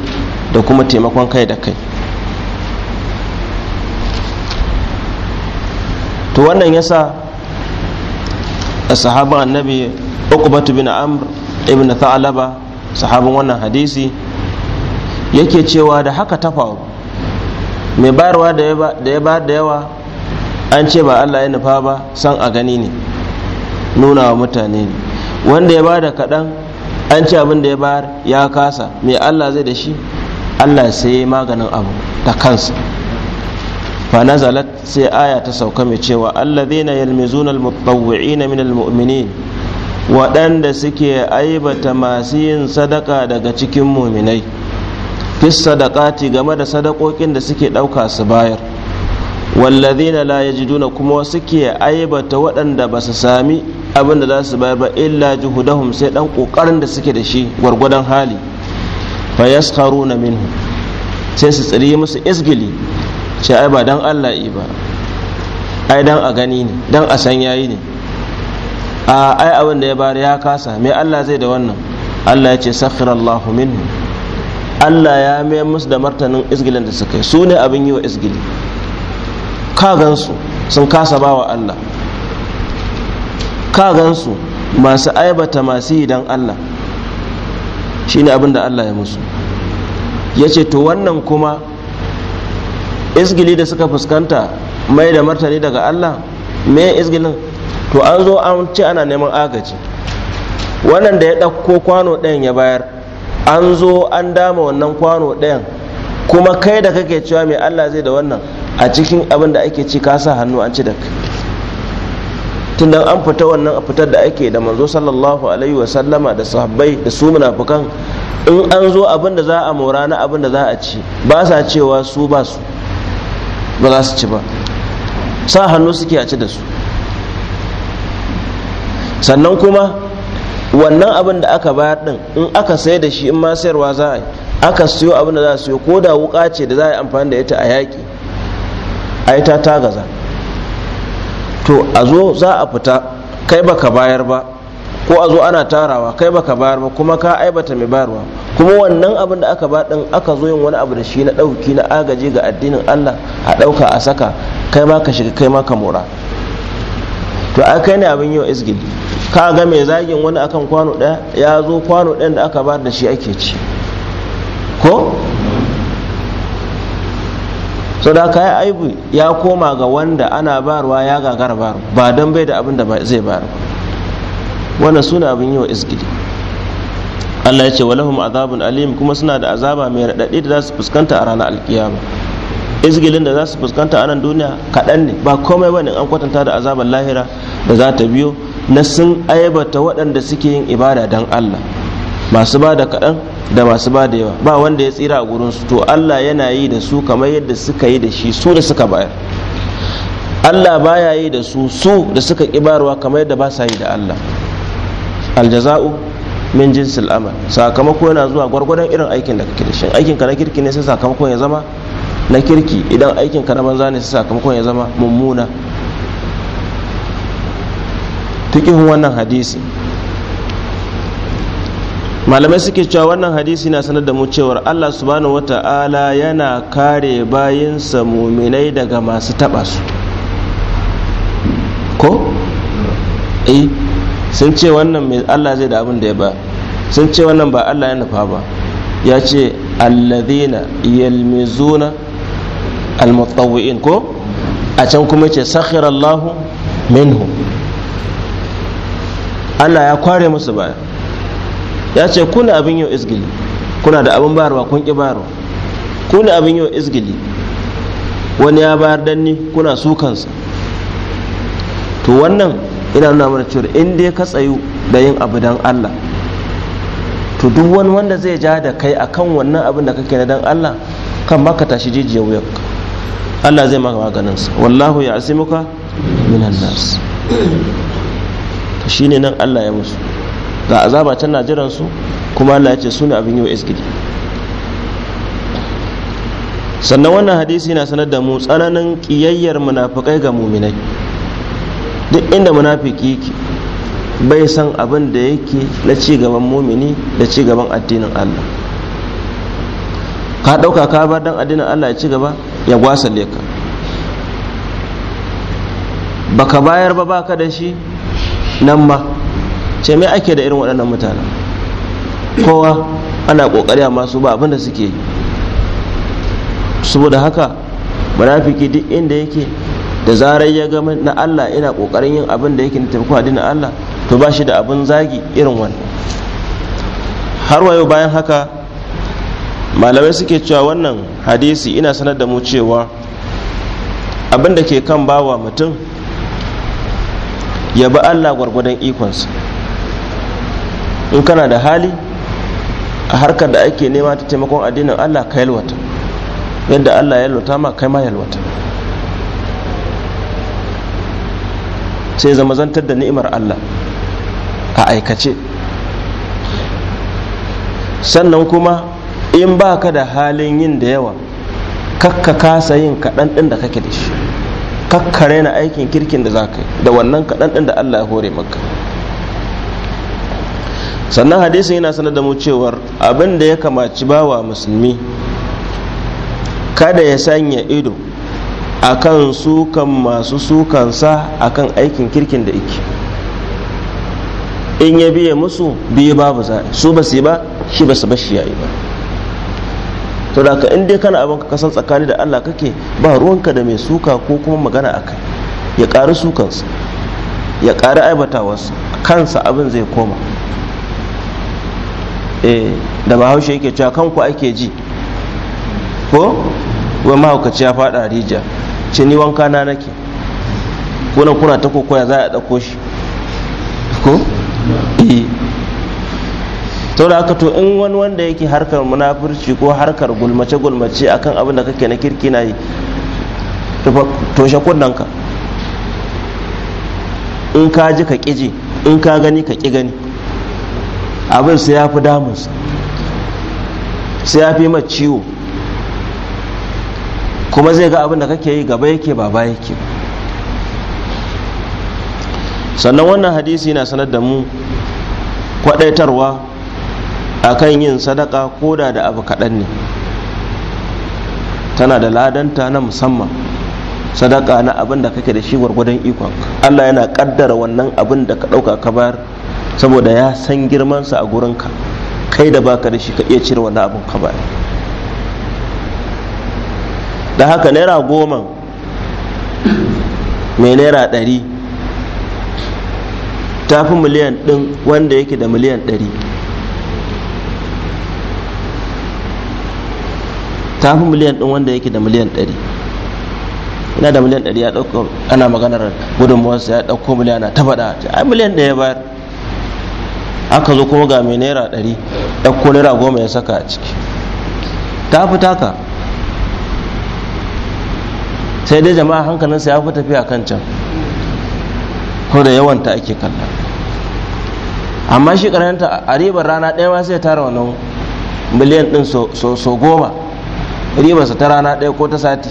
da kuma taimakon kai da kai to wannan yasa sahaban annabi uqbatu bin amr ibn thalaba sahabin wannan hadisi yake cewa da haka ta faru mai bayarwa da ya ba da yawa an ce ba allah ya nufa ba san a gani ne nuna wa mutane ne wanda ya bada kaɗan an ce abin da ya bayar ya kasa mai allah zai da shi allah sai maganin abu da kansa fa nazalat sai aya ta sauka mai cewa alladhina yalmizuna almutawwi'ina min almu'minin waɗanda suke aibata masu yin sadaka daga cikin muminai Fi sadaqati game da sadakokin da suke ɗauka su bayar wallazina la yajiduna kuma suke aibata waɗanda ba su sami abin da za su bayar ba illa juhudahum sai dan kokarin da suke da shi gwargwadon hali fa yaskharuna minhu sai su tsiri musu isgili ce ai ba dan Allah yi ba ai dan a gani ne dan a san yayi ne a ai abin da ya bari ya kasa me Allah zai da wannan Allah ya ce sakhir allah minhu Allah ya mai musu da martanin isgilin da suka yi su ne abin yi wa isgili ka gansu sun kasa ba wa Allah ka gansu masu aibata masu yi dan Allah Shi ne abin da Allah ya musu ya ce to wannan kuma izgili da suka fuskanta mai da martani daga Allah me izgilin to an zo an ce ana neman agaji wannan da ya ɗauko kwano ɗayan ya bayar an zo an dama wannan kwano ɗayan kuma kai da kake cewa mai Allah zai da wannan a cikin abin da ake ci ka hannu an ci da tunda an fita wannan a fitar da ake da manzo sallallahu alaihi wasallama da sahabbai da su munafukan in an zo abin da za a mora na abin da za a ci ba sa cewa su ba su ba za su ci ba sa hannu suke a ci da su sannan kuma wannan abin da aka bayar din in aka sayar da shi in ma sayarwa za a yi aka siyo abin da za a siyo ko da wuka ce da za a yi amfani da ita a yaƙi a ita ta gaza to a zo za a fita kai baka bayar ba ko a zo ana tarawa kai baka bayar ba kuma ka aibata mai bayarwa kuma wannan abin da aka ba aka zo yin wani abu da shi na ɗauki na agaji ga addinin Allah a ɗauka a saka kai ma ka shiga kai ma ka mora to a kai ne abin yau izgili ka ga mai zagin wani akan kwano ɗaya ya zo kwano ɗayan da aka bayar da shi ake ci ko so da ka aibu ya koma ga wanda ana barwa ya gagara bayarwa ba don bai da abin da zai bayarwa wannan suna abin yi wa izgidi Allah ya ce walahum azabun alim kuma suna da azaba mai raɗaɗi da za su fuskanta a ranar alkiyama izgilin da za su fuskanta a nan duniya kaɗan ne ba komai ba ne an kwatanta da azabar lahira da za ta biyo na sun aibata waɗanda suke yin ibada don Allah masu ba da kaɗan da masu ba da yawa ba wanda ya tsira a gurin su to Allah yana yi da su kamar yadda suka yi da shi su da suka bayar Allah baya yi da su su da suka ƙibarwa kamar yadda ba sa yi da Allah aljaza'u min jinsil amal sakamako yana zuwa gwargwadon irin aikin da kake da shi aikin ka na kirki ne sai sakamakon ya zama na kirki idan aikin ka na banza ne sai sakamakon ya zama mummuna fiqhin wannan hadisi malamai suke cewa wannan hadisi na sanar da mu cewar Allah subhanahu wata'ala yana kare bayinsa muminai daga masu taba su ko eh sun ce wannan mai Allah zai da abin da ya ba sun ce wannan ba Allah ya nufa ba ya ce alladhina yalmizuna almutawwi'in ko a can kuma ce sakhira Allah minhu Allah ya kware musu baya ya ce kuna abin yau izgili kuna da abin bayarwa kun ki baro? kuna abin yau izgili wani ya bayar danni kuna su kansa to wannan ina nuna mana cewa in dai ka tsayu da yin abu dan Allah to duk wani wanda zai ja da kai akan wannan abin da kake na dan Allah kan maka tashi jijiyar wuyan Allah zai maka maganin sa wallahu ya asimuka minan nas to shine nan Allah ya musu ga azaba na jiran su kuma Allah ya ce ne abin yi wa izgidi sannan wannan hadisi na sanar da mu tsananin ƙiyayyar munafukai ga muminai duk inda munafiki yake bai san abin da yake na cigaban mumini da cigaban addinin Allah ka dauka ka bar dan addinin Allah ya cigaba ya gwasa leka baka bayar ba baka da shi nan ma ce me ake da irin waɗannan mutanen kowa ana ƙoƙari a masu ba abin da suke saboda haka munafiki duk inda yake da zarar ya ga na Allah ina kokarin yin abin da yake tafi kuma na Allah to ba shi da abin zagi irin wannan har wayo bayan haka malamai suke cewa wannan hadisi ina sanar da mu cewa abin da ke kan bawa mutum ya bi Allah gwargwadon ikonsa in kana da hali a harkar da ake nema ta taimakon addinin Allah ka yalwata yadda Allah ya yalwata ma kai ma yalwata sai zama zantar da ni'imar Allah a aikace sannan kuma in ba ka da halin yin da yawa kakka kasa yin kaɗan ɗin da kake da shi kakka raina aikin kirkin da za ka yi da wannan kaɗan ɗin da Allah ya hore maka sannan hadisin yana sanar da mu cewar abin da ya kamaci bawa musulmi kada ya sanya ido akan sukan masu sukansa akan aikin kirkin da yake in ya biya musu biye babu za su ba su ba shi ba su ya yayi ba to da ka inda kana abin ka kasan tsakani da Allah kake ba ruwanka da mai suka ko kuma magana akai ya ƙari sukansa ya ƙari aibatawarsa kansa abin zai koma eh, da bahaushe yake cewa kanku ake ji ko wai mahaukaci ya faɗa rijiya ce ni wanka na nake kuna kuna ta kokoya za a ɗauko shi ko eh. sau da haka to in wani wanda yake harkar munafurci ko harkar gulmace-gulmace akan abin da kake na kirki na yi kunnan ka in ka ji ka ƙiji in ka gani ka ƙi gani abin sai ya fi damunsa sai ya fi ma ciwo kuma zai ga abin da kake yi gaba yake ba ba yake sannan wannan hadisi na sanar da mu kwadaitarwa akan yin sadaka koda da abu kaɗan ne tana da ladanta na musamman sadaka na abin da kake da shi gwargwadon ikon Allah yana kaddara wannan abin da ka ɗauka ka bayar saboda ya san girmansa a gurinka kai da baka da shi ka iya cire wannan abin ka bayar da haka naira goma mai naira ɗari ta fi miliyan ɗin wanda yake da miliyan ɗari ta fi miliyan ɗin wanda yake da miliyan ɗari ina da miliyan ɗari ya ɗauko ana maganar gudunmuwarsa ya ɗauko miliyan na ta faɗa ai miliyan ɗaya bayar aka zo kuma ga mai naira ɗari ɗauko naira goma ya saka a ciki ta fi taka sai dai jama'a hankalinsa ya fi tafiya kan can ko da yawanta ake kalla amma shi karanta a ribar rana ɗaya ma sai tara wannan miliyan ɗin so goma ribarsa ta rana ɗaya ko ta sati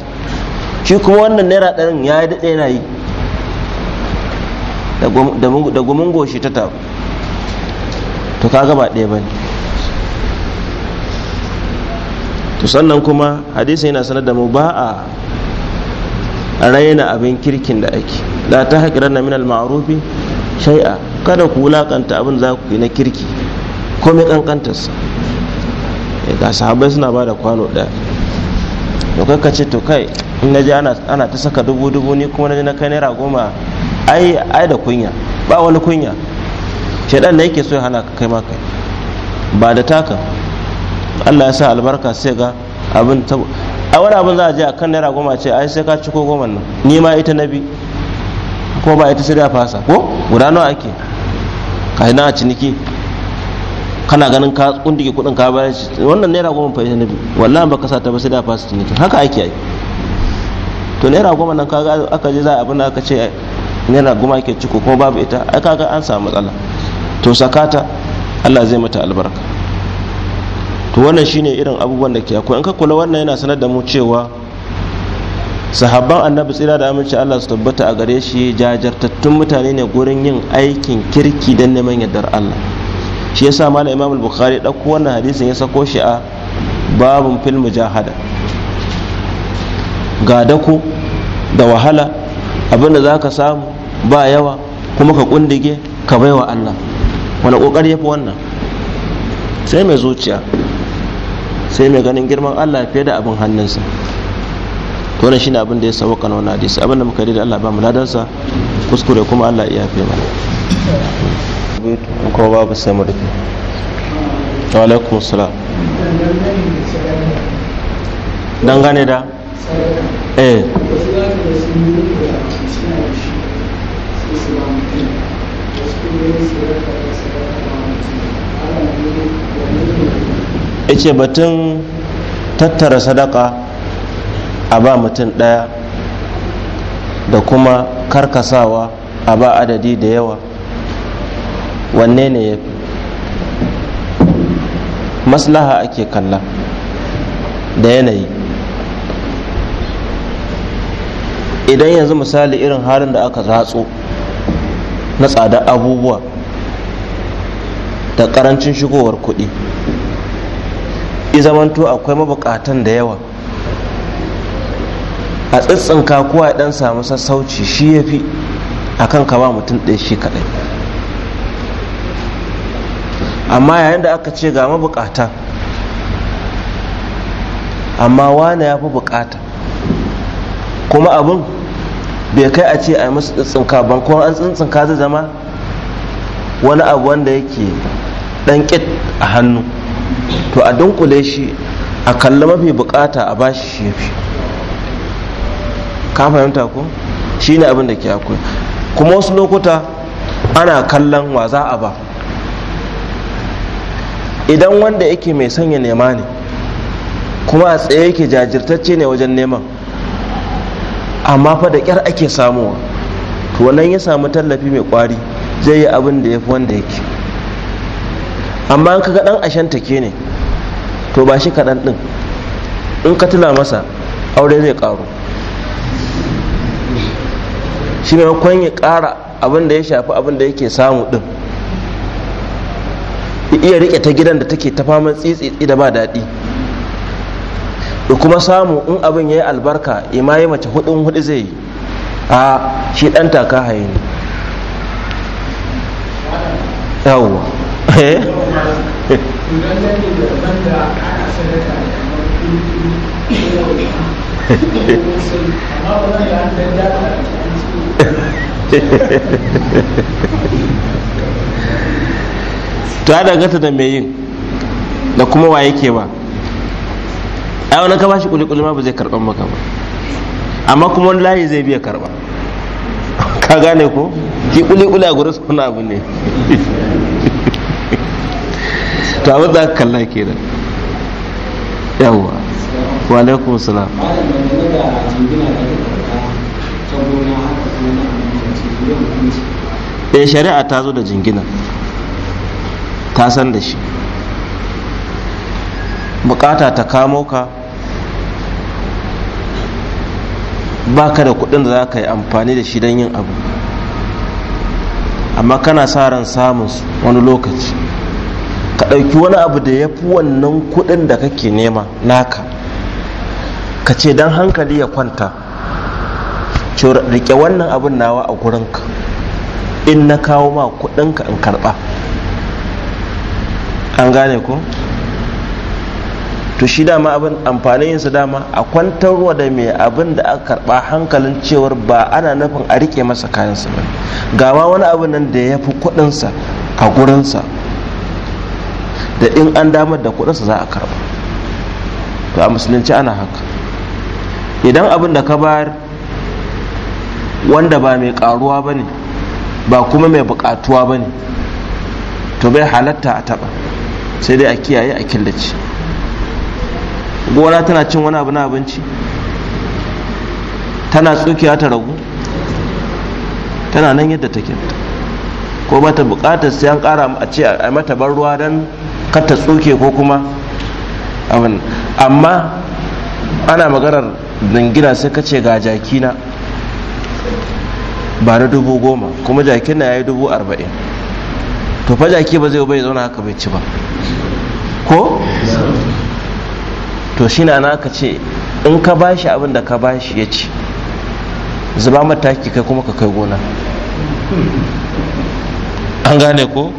shi kuma wannan naira ɗarin ya yi daɗe na yi da gumin goshi ta tabu to ka gaba ɗaya ba ne to sannan kuma hadisi yana sanar da mu ba a raina abin kirkin da ake la ta haƙirar na minal ma'arufi shai'a kada ku wulaƙanta abin za ku yi na kirki ko mai ƙanƙantarsa eh, ga sahabai suna ba da kwano ɗaya to kakka ce to kai in na je ana ta saka dubu dubu ni kuma na je na kai naira goma ai ai da kunya ba wani kunya shaidan da yake so ya hana ka kai maka ba da taka Allah ya sa albarka sai ga abin a wani abin za a je a kan naira goma ce ai sai ka ci goma nan ni ma ita na bi ko ba ita sai da fasa ko guda nawa ake ka na ciniki kana ganin ka kundige kudin ka bayar shi wannan naira goma fa ita na bi wallahi ba sa ta ba sai da fasa ciniki haka ake yi to naira goma nan kaga aka je za a abin da aka ce naira goma ke ciko kuma babu ita ai kaga an samu matsala to sakata Allah zai mata albarka to wannan shine irin abubuwan da ke akwai in ka kula wannan yana sanar da mu cewa sahabban annabi tsira da aminci Allah su tabbata a gare shi jajartattun mutane ne gurin yin aikin kirki don neman yardar Allah shi yasa malam imamul Bukhari dauko wannan hadisin ya sako shi a babun fil mujahada ga dako da wahala abinda za ka samu ba yawa kuma ka kundige ka baiwa Allah wani kokari ya fi wannan sai mai zuciya sai mai ganin girman Allah fiye da abin hannunsa to wannan shine abin da ya sauka na wannan hadisi abin da muka da Allah ba mu ladansa kuskure kuma Allah ya fi mana kuma babu sai mu rufe wa alaikum salam da eh Thank you. ice batun tattara sadaka a ba mutum ɗaya da kuma karkasawa a ba adadi da yawa wanne ne ya fi maslaha ake kalla da yanayi idan yanzu misali irin halin da aka zatsu na tsadar abubuwa da karancin shigowar kuɗi zamanto akwai mabukatan da yawa a tsitsin kakuwa dan samu sassauci shi ya fi a kan kama mutum ɗaya shi kaɗai amma yayin da aka ce ga mabukata amma wane ya fi bukata kuma abin bai kai a ce a yi musu tsintsinka ban kuma an tsintsinka zai zama wani abu wanda yake ɗan ƙit a hannu to a dunkule shi a kalli mafi bukata a bashi shi fi ka fahimta ko shi ne abin da ke akwai kuma wasu lokuta ana kallon wa za a ba idan wanda yake mai sanya nema ne kuma a tsaye yake jajirtacce ne wajen neman amma fa da kyar ake samuwa to wannan ya samu tallafi mai kwari zai yi abin da ya fi wanda yake amma in kaga dan ashen take ne to ba shi kaɗan ɗin in ka tuna masa aure zai ƙaru shi kwan ya ƙara abin da ya shafi abin da yake samu ɗin iya riƙe ta gidan da take ta faman tsitsi da ba daɗi da kuma samu in abin ya yi albarka ima yi mace hudun hudu zai yi a shi ɗan taka haini ne yawwa Eh? ta danganta da mai yin da kuma wa yake ba ai wani ka bashi kuli ma ba zai karban maka ba amma kuma wani layi zai biya karba ka gane ko ki kuli kuli a gurin suna abu ne to abin da aka kalla yawwa wa alaikum salam eh shari'a ta zo da jingina ta san da shi bukata ta kamo ka ba ka da kudin da za ka yi amfani da shi don yin abu amma kana sa ran samun wani lokaci ka ɗauki wani abu da ya fi wannan kuɗin da kake nema naka ka ce don hankali ya kwanta rike wannan abin nawa a gurinka in na kawo ma kuɗinka in karɓa an gane ku to shi dama abin amfanin yinsa dama a kwantarwa da mai abin da aka karɓa hankalin cewar ba ana nufin a rike masa kayansa ba gama wani abin nan da ya fi kuɗinsa a gurinsa da in an damar da kudinsa za a karba to a musulunci ana haka idan abin da ka bayar wanda ba mai karuwa ba ne ba kuma mai bukatuwa ba ne to bai halatta a taba sai dai a kiyaye a killace gona tana cin wani abu na abinci tana tsukiya ta ragu tana nan yadda take ko ba ta bukatar sai an kara a ce a mata ban ruwa don Ka ta tsuke ko kuma abin amma ana maganar dangina sai ka ce ga jakina, ba na dubu goma kuma jakin na ya yi dubu arba'in to fa jaki ba zai bai zauna haka bai ci ba ko to shi na naka ce in ka bashi abin da ka bashi ya ci zuba mataki kai kuma ka kai gona an gane ko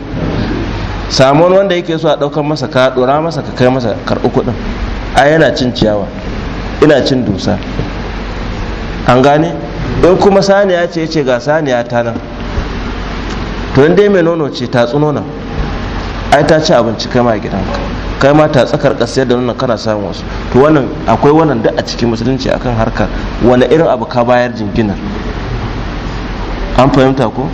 Samun wanda yake so a daukar masa ka ɗora masa ka kai masa karɓi kuɗin a yana cin ciyawa ina cin dusa an gane in kuma saniya ce ya ce ga saniya ta nan to in dai mai nono ce ta tsuno nan ai ta ci abinci kai ma gidanka kai ma ta tsakar kasiyar da nonon kana samun wasu to wannan akwai wannan duk a cikin musulunci akan harkar wani irin abu ka bayar jinginar an fahimta ko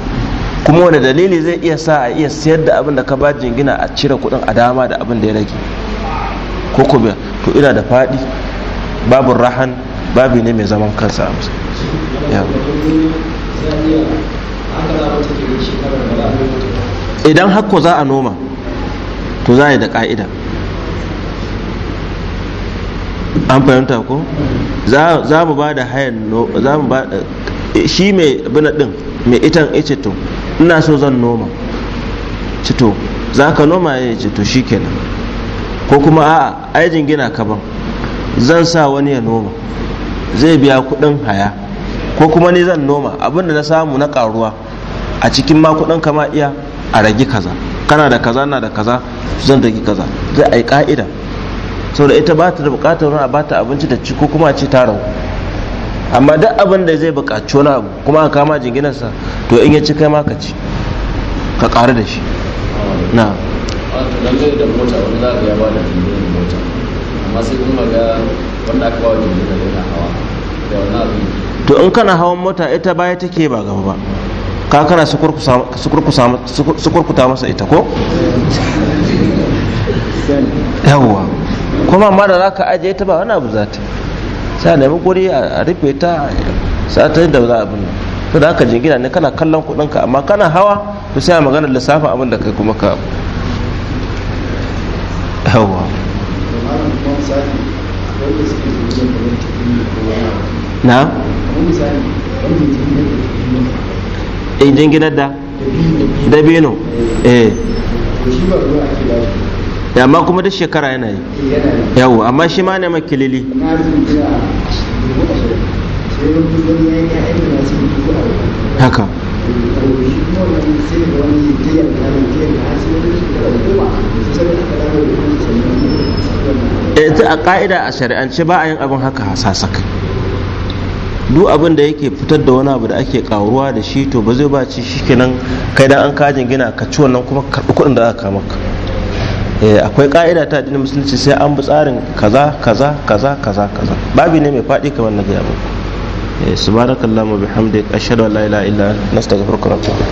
kuma wani dalili zai iya sa a iya siyar da abin da ka ba jingina a cire kudin a dama da abin da ya rage ko kuma to ina da faɗi babu rahan babu ne mai zaman kansa a musu idan hakko za a noma to za a yi da ƙa'ida an fahimta ko za mu ba da hayan shi mai bina din mai itan ice to ina so zan noma cito za ka noma ya eh, shi to nan ko kuma a'a aijin gina kaban zan sa wani ya noma zai biya kudin haya ko kuma ni zan noma abinda na samu na karuwa a cikin makudin kama iya a ragi kaza kana da kaza na da kaza zan ragi kaza zai ai ka'ida saboda ita ba ta da bukatar a bata abinci da ci ko kuma a ce ta rawu amma duk abin da zai buƙaci wani abu kuma ka kama jinginarsa to in ya ci kai ma ka ci ka ƙaru da shi na to in kana hawan mota ita baya take ba gaba ba ka kana sukurkuta masa ita ko yawwa kuma ma da za ka ajiye ta ba wani abu za ta sai a nemi guri a rufe ta satar da za a bin to da aka jingina ne kana kallon kuɗinka amma kana hawa to sai a magana lissafin abin da kai kuma ka hawa na in eh, jingina da dabino eh ya kuma duk shekara yana yi yawo amma shi ma ne makilili haka ita eh, a ka'ida a shari'ance ba a yin abin haka hasasak duk abin da yake fitar da wani abu da ake karuwa da shi to ba zai ba ci kenan kai da an kajin gina ka ci wannan kuma karɓi kuɗin da aka maka Eh, akwai ka'ida ta addinin musulunci sai an bi tsarin kaza kaza kaza kaza kaza babu ne mai faɗi kamar na gaya muku eh, subhanakallahumma bihamdika ashhadu an la ilaha illa anta astaghfiruka wa atubu